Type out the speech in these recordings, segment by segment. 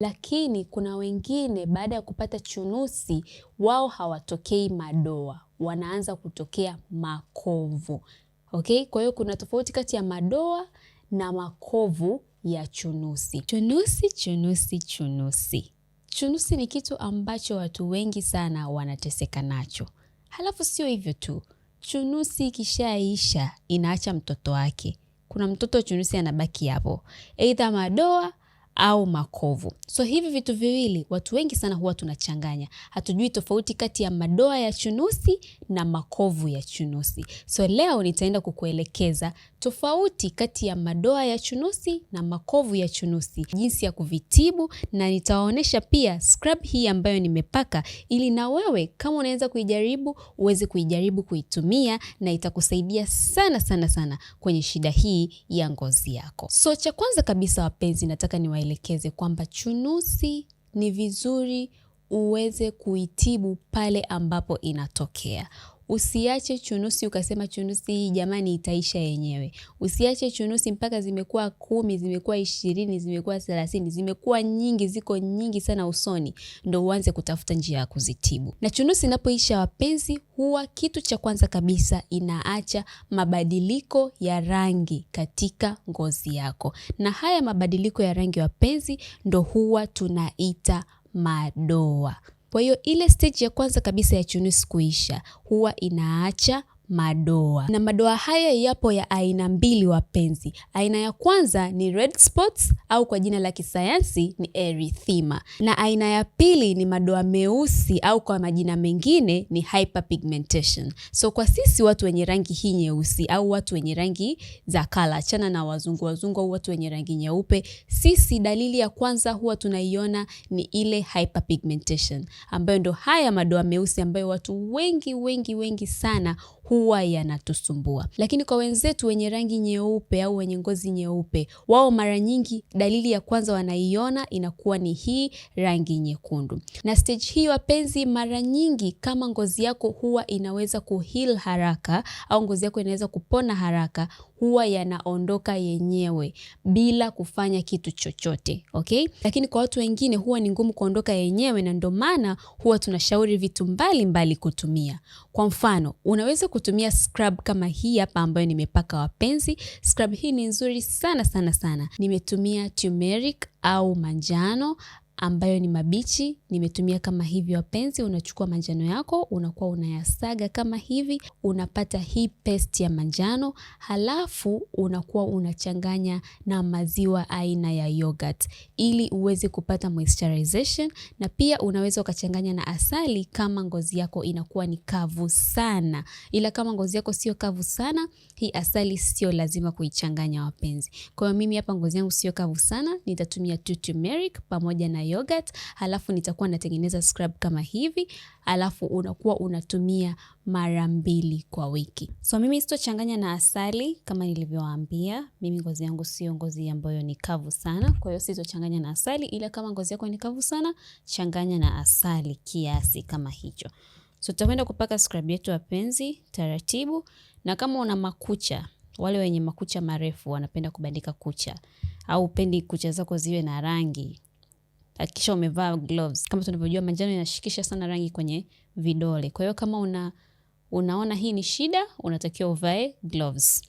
Lakini kuna wengine baada ya kupata chunusi, wao hawatokei madoa, wanaanza kutokea makovu. Okay? Kwa hiyo kuna tofauti kati ya madoa na makovu ya chunusi. Chunusi, chunusi, chunusi. Chunusi ni kitu ambacho watu wengi sana wanateseka nacho. Halafu sio hivyo tu, chunusi ikishaisha inaacha mtoto wake. Kuna mtoto wa chunusi anabaki hapo, aidha madoa au makovu. So hivi vitu viwili watu wengi sana huwa tunachanganya, hatujui tofauti kati ya madoa ya chunusi na makovu ya chunusi. So leo nitaenda kukuelekeza tofauti kati ya madoa ya chunusi na makovu ya chunusi, jinsi ya kuvitibu, na nitawaonyesha pia scrub hii ambayo nimepaka, ili na wewe kama unaweza kuijaribu uweze kuijaribu kuitumia, na itakusaidia sana sana sana kwenye shida hii ya ngozi yako. So cha kwanza kabisa, wapenzi, nataka niwa waelekeze kwamba chunusi ni vizuri uweze kuitibu pale ambapo inatokea. Usiache chunusi ukasema chunusi hii jamani itaisha yenyewe. Usiache chunusi mpaka zimekuwa kumi, zimekuwa ishirini, zimekuwa thelathini, zimekuwa nyingi, ziko nyingi sana usoni, ndo uanze kutafuta njia ya kuzitibu. Na chunusi inapoisha, wapenzi, huwa kitu cha kwanza kabisa inaacha mabadiliko ya rangi katika ngozi yako, na haya mabadiliko ya rangi wapenzi, ndo huwa tunaita madoa. Kwa hiyo ile stage ya kwanza kabisa ya chunusi kuisha, huwa inaacha madoa, na madoa haya yapo ya aina mbili wapenzi. Aina ya kwanza ni red spots au kwa jina la kisayansi ni erythema, na aina ya pili ni madoa meusi au kwa majina mengine ni hyperpigmentation. So kwa sisi watu wenye rangi hii nyeusi au watu wenye rangi za kala, achana na wazungu wazungu au watu wenye rangi nyeupe, sisi dalili ya kwanza huwa tunaiona ni ile hyperpigmentation, ambayo ndo haya madoa meusi ambayo watu wengi wengi wengi sana huwa yanatusumbua. Lakini kwa wenzetu wenye rangi nyeupe au wenye ngozi nyeupe, wao mara nyingi dalili ya kwanza wanaiona inakuwa ni hii rangi nyekundu. Na stage hii wapenzi, mara nyingi kama ngozi yako huwa inaweza kuheal haraka au ngozi yako inaweza kupona haraka, huwa yanaondoka yenyewe bila kufanya kitu chochote, okay? Lakini kwa watu wengine huwa ni ngumu kuondoka yenyewe, na ndio maana huwa tunashauri vitu mbalimbali mbali kutumia. Kwa mfano, unaweza kutumia scrub kama hii hapa ambayo nimepaka wapenzi. Scrub hii ni nzuri sana sana sana. Nimetumia turmeric au manjano ambayo ni mabichi nimetumia kama hivi. Wapenzi, unachukua manjano yako unakuwa unayasaga kama hivi, unapata hii paste ya manjano, halafu unakuwa unachanganya na maziwa aina ya yogurt ili uweze kupata moisturization, na pia unaweza ukachanganya na asali kama ngozi yako inakuwa ni kavu sana, ila kama ngozi yako sio kavu sana, hii asali sio lazima kuichanganya wapenzi. Kwa hiyo mimi hapa ngozi yangu sio kavu sana, nitatumia tu turmeric pamoja na yogurt, alafu nitakuwa natengeneza scrub kama hivi, alafu unakuwa unatumia mara mbili kwa wiki. So mimi sitochanganya na asali kama nilivyowaambia, mimi ngozi yangu sio ngozi ambayo ni kavu sana, kwa hiyo sitochanganya na asali, ila kama ngozi yako ni kavu sana, changanya na asali kiasi kama hicho. So tutakwenda kupaka scrub yetu wapenzi, taratibu, na kama una makucha wale wenye makucha marefu wanapenda kubandika kucha au upendi kucha zako ziwe na rangi, hakikisha umevaa gloves. Kama tunavyojua manjano inashikisha sana rangi kwenye vidole, kwa hiyo kama una, unaona hii ni shida, unatakiwa uvae gloves.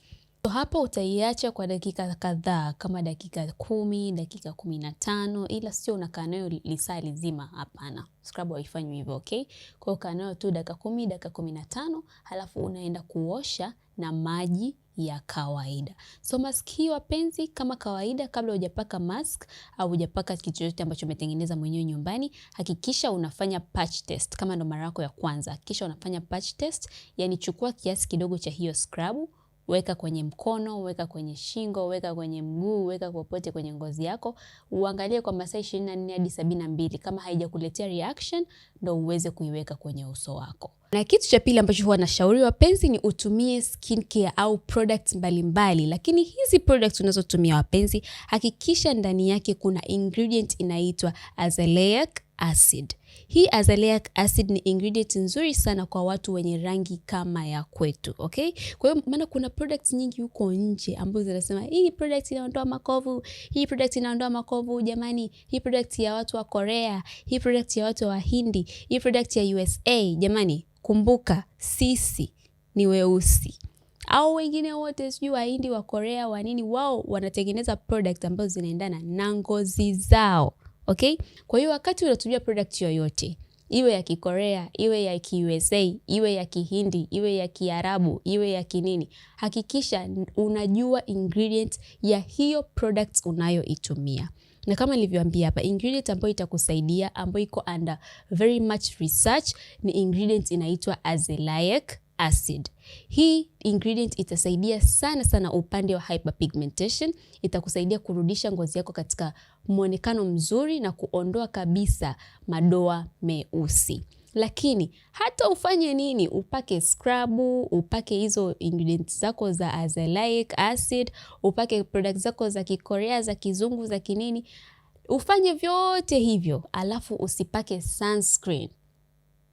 So, hapo utaiacha kwa dakika kadhaa kama dakika kumi, dakika kumi na tano ila sio unakaa nayo lisaa lizima, hapana. Scrub haifanywi hivyo, okay? Kwa hiyo kaa nayo tu dakika kumi, dakika kumi na tano halafu unaenda kuosha na maji ya kawaida. So hii wapenzi, kama kawaida, kabla hujapaka mask au hujapaka kitu chochote ambacho umetengeneza mwenyewe nyumbani, hakikisha unafanya patch test. Kama ndo mara yako ya kwanza, hakikisha unafanya patch test, yani chukua kiasi kidogo cha hiyo scrub Weka kwenye mkono, weka kwenye shingo, weka kwenye mguu, weka popote kwenye ngozi yako. Uangalie kwa masaa 24 hadi 72 kama haijakuletea reaction ndo uweze kuiweka kwenye uso wako. Na kitu cha pili ambacho huwa nashauri wapenzi ni utumie skincare au products mbalimbali, lakini hizi products unazotumia wapenzi, hakikisha ndani yake kuna ingredient inaitwa azelaic acid. Hii azelaic acid ni ingredient nzuri sana kwa watu wenye rangi kama ya kwetu, okay? Kwa hiyo maana kuna products nyingi huko nje ambazo zinasema hii product inaondoa makovu, hii product inaondoa makovu jamani, hii product ya watu wa Korea, hii product ya watu wa Hindi, hii product ya USA jamani. Kumbuka sisi ni weusi au wengine wote sijui Wahindi wa Korea wa nini, wao wanatengeneza product ambazo zinaendana na ngozi zao. Okay? Kwa hiyo wakati unatumia product yoyote iwe ya Kikorea, iwe ya Kiusa, iwe ya Kihindi, iwe ya Kiarabu, iwe ya kinini, hakikisha unajua ingredient ya hiyo product unayoitumia na kama nilivyoambia hapa, ingredient ambayo itakusaidia ambayo iko under very much research ni ingredient inaitwa azelaic acid. Hii ingredient itasaidia sana sana upande wa hyperpigmentation, itakusaidia kurudisha ngozi yako katika mwonekano mzuri na kuondoa kabisa madoa meusi. Lakini hata ufanye nini, upake skrabu, upake hizo ingredients zako za azelaic acid, upake product zako za Kikorea, za Kizungu, za kinini, ufanye vyote hivyo alafu usipake sunscreen,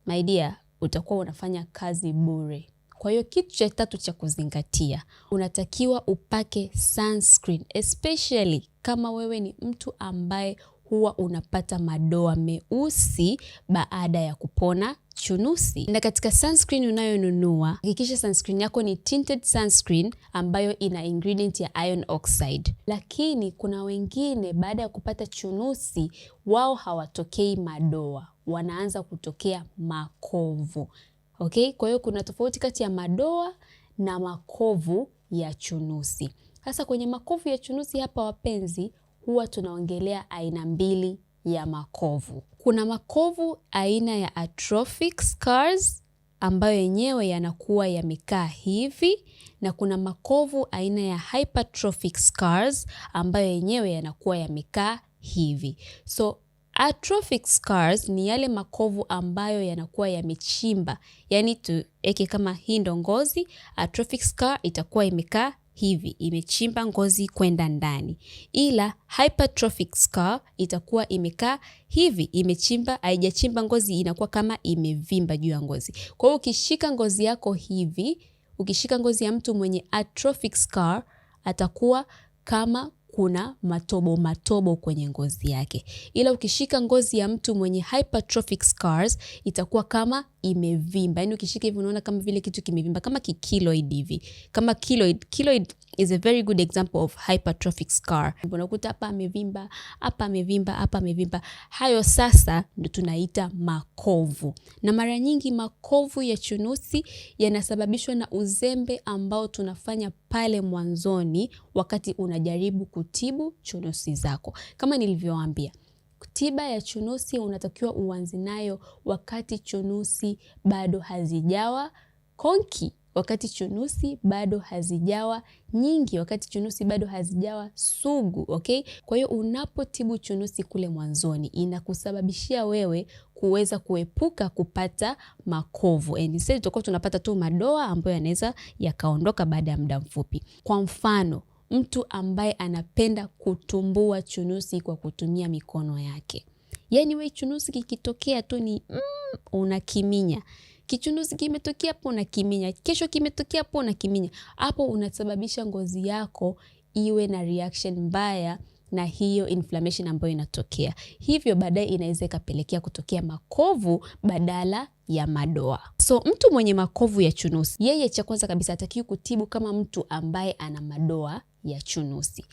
my dear, utakuwa unafanya kazi bure. Kwa hiyo kitu cha tatu cha kuzingatia, unatakiwa upake sunscreen, especially kama wewe ni mtu ambaye huwa unapata madoa meusi baada ya kupona chunusi. Na katika sunscreen unayonunua, hakikisha sunscreen yako ni tinted sunscreen ambayo ina ingredient ya iron oxide. Lakini kuna wengine baada ya kupata chunusi, wao hawatokei madoa, wanaanza kutokea makovu. Okay? Kwa hiyo kuna tofauti kati ya madoa na makovu ya chunusi. Sasa kwenye makovu ya chunusi hapa, wapenzi, huwa tunaongelea aina mbili ya makovu. Kuna makovu aina ya atrophic scars ambayo yenyewe yanakuwa yamekaa hivi na kuna makovu aina ya hypertrophic scars ambayo yenyewe yanakuwa yamekaa hivi. So Atrophic scars ni yale makovu ambayo yanakuwa yamechimba, yaani tueke kama hii ndo ngozi, atrophic scar itakuwa imekaa hivi imechimba ngozi kwenda ndani, ila hypertrophic scar itakuwa imekaa hivi imechimba, haijachimba ngozi, inakuwa kama imevimba juu ya ngozi. Kwa hiyo ukishika ngozi yako hivi, ukishika ngozi ya mtu mwenye atrophic scar atakuwa kama kuna matobo matobo kwenye ngozi yake, ila ukishika ngozi ya mtu mwenye hypertrophic scars itakuwa kama imevimba yani ukishika hivi unaona kama vile kitu kimevimba kama kikiloid hivi kama kiloid kiloid is a very good example of hypertrophic scar unakuta hapa amevimba hapa amevimba hapa amevimba hayo sasa ndo tunaita makovu na mara nyingi makovu ya chunusi yanasababishwa na uzembe ambao tunafanya pale mwanzoni wakati unajaribu kutibu chunusi zako kama nilivyowaambia Tiba ya chunusi unatakiwa uanze nayo wakati chunusi bado hazijawa konki, wakati chunusi bado hazijawa nyingi, wakati chunusi bado hazijawa sugu, okay? Kwa hiyo unapotibu chunusi kule mwanzoni inakusababishia wewe kuweza kuepuka kupata makovu. Tutakuwa tunapata tu madoa ambayo yanaweza yakaondoka baada ya muda mfupi. Kwa mfano mtu ambaye anapenda kutumbua chunusi kwa kutumia mikono yake. Yaani we chunusi kikitokea tu ni mm, unakiminya. Kichunusi kimetokea hapo kiminya kesho kimetokea hapo kiminya Hapo unasababisha ngozi yako iwe na reaction mbaya na hiyo inflammation ambayo inatokea, hivyo baadaye inaweza ikapelekea kutokea makovu badala ya madoa. So mtu mwenye makovu ya chunusi, yeye cha kwanza kabisa atakiwi kutibu kama mtu ambaye ana madoa ya chunusi.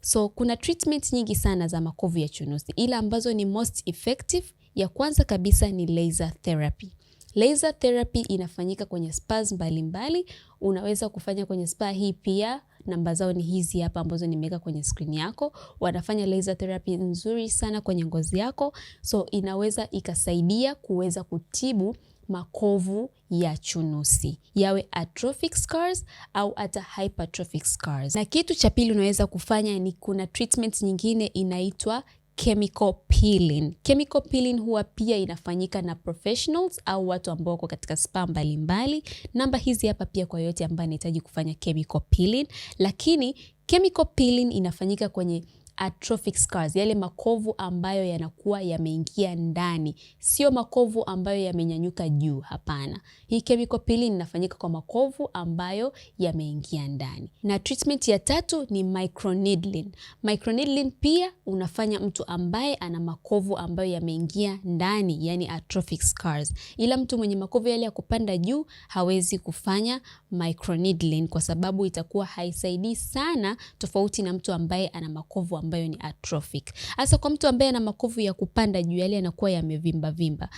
So kuna treatment nyingi sana za makovu ya chunusi, ila ambazo ni most effective, ya kwanza kabisa ni laser therapy. Laser therapy inafanyika kwenye spas mbalimbali. Unaweza kufanya kwenye spa hii pia. Namba zao ni hizi hapa ambazo nimeweka kwenye skrini yako. Wanafanya laser therapy nzuri sana kwenye ngozi yako, so inaweza ikasaidia kuweza kutibu makovu ya chunusi yawe atrophic scars au hata hypertrophic scars. Na kitu cha pili unaweza kufanya ni kuna treatment nyingine inaitwa chemical peeling. Chemical peeling huwa pia inafanyika na professionals au watu ambao wako katika spa mbalimbali. Namba hizi hapa pia kwa yote ambaye anahitaji kufanya chemical peeling, lakini chemical peeling inafanyika kwenye atrophic scars, yale makovu ambayo yanakuwa yameingia ndani, sio makovu ambayo yamenyanyuka juu. Hapana, hii chemical peeling inafanyika kwa makovu ambayo yameingia ndani. Na treatment ya tatu ni microneedling. Microneedling pia unafanya mtu ambaye ana makovu ambayo yameingia ndani, yani atrophic scars, ila mtu mwenye makovu yale ya kupanda juu hawezi kufanya microneedling kwa sababu itakuwa haisaidii sana, tofauti na mtu ambaye ana makovu ambayo ambayo ni atrophic. Hasa kwa mtu ambaye ana makovu ya kupanda juu, yale yanakuwa yamevimba vimba.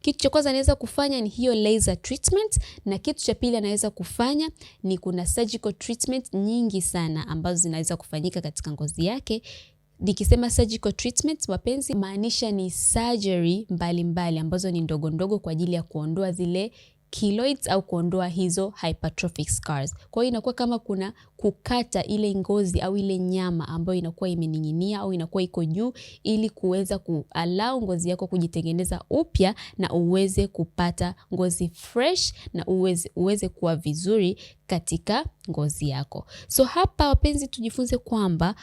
Kitu cha kwanza anaweza kufanya ni hiyo laser treatment, na kitu cha pili anaweza kufanya ni kuna surgical treatment nyingi sana ambazo zinaweza kufanyika katika ngozi yake. Nikisema surgical treatment, wapenzi, maanisha ni surgery mbalimbali mbali, ambazo ni ndogo ndogo kwa ajili ya kuondoa zile keloids au kuondoa hizo hypertrophic scars. Kwa hiyo inakuwa kama kuna kukata ile ngozi au ile nyama ambayo inakuwa imening'inia au inakuwa iko juu ili kuweza kualau ngozi yako kujitengeneza upya na uweze kupata ngozi fresh na uweze, uweze kuwa vizuri katika ngozi yako. So hapa wapenzi, tujifunze kwamba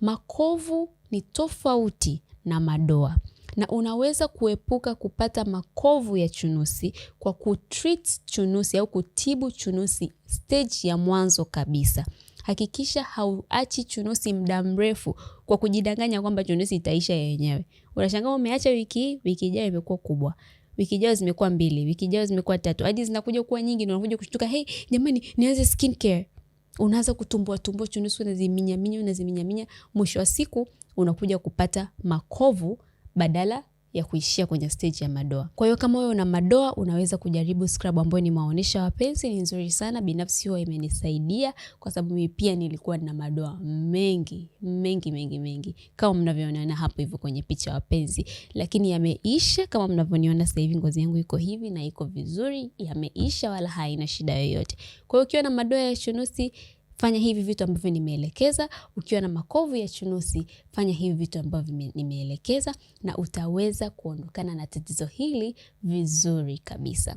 makovu ni tofauti na madoa na unaweza kuepuka kupata makovu ya chunusi kwa kutreat chunusi au kutibu chunusi stage ya mwanzo kabisa. Hakikisha hauachi chunusi muda mrefu kwa kujidanganya kwamba chunusi itaisha yenyewe. Unashangaa umeacha wiki hii, wiki ijayo imekuwa kubwa, wiki ijayo zimekuwa mbili, wiki ijayo zimekuwa tatu, hadi zinakuja kuwa nyingi, na unakuja kushtuka, hey, jamani, nianze skin care. Unaanza kutumbua tumbua chunusi, unaziminyaminya unaziminyaminya, mwisho wa siku unakuja kupata makovu badala ya kuishia kwenye stage ya madoa. Kwa hiyo kama wewe una madoa, unaweza kujaribu scrub ambayo ni maonesha wapenzi, ni nzuri sana. Binafsi huwa imenisaidia kwa sababu mimi pia nilikuwa na madoa mengi mengi mengi mengi kama mnavyoona hapo hivyo kwenye picha wapenzi, lakini yameisha. Kama mnavyoniona sasa hivi, ngozi yangu iko hivi na iko vizuri, yameisha wala haina shida yoyote. Kwa hiyo ukiwa na madoa ya chunusi fanya hivi vitu ambavyo nimeelekeza. Ukiwa na makovu ya chunusi, fanya hivi vitu ambavyo nimeelekeza, na utaweza kuondokana na tatizo hili vizuri kabisa.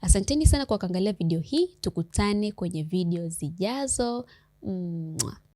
Asanteni sana kwa kuangalia video hii, tukutane kwenye video zijazo. Mwah.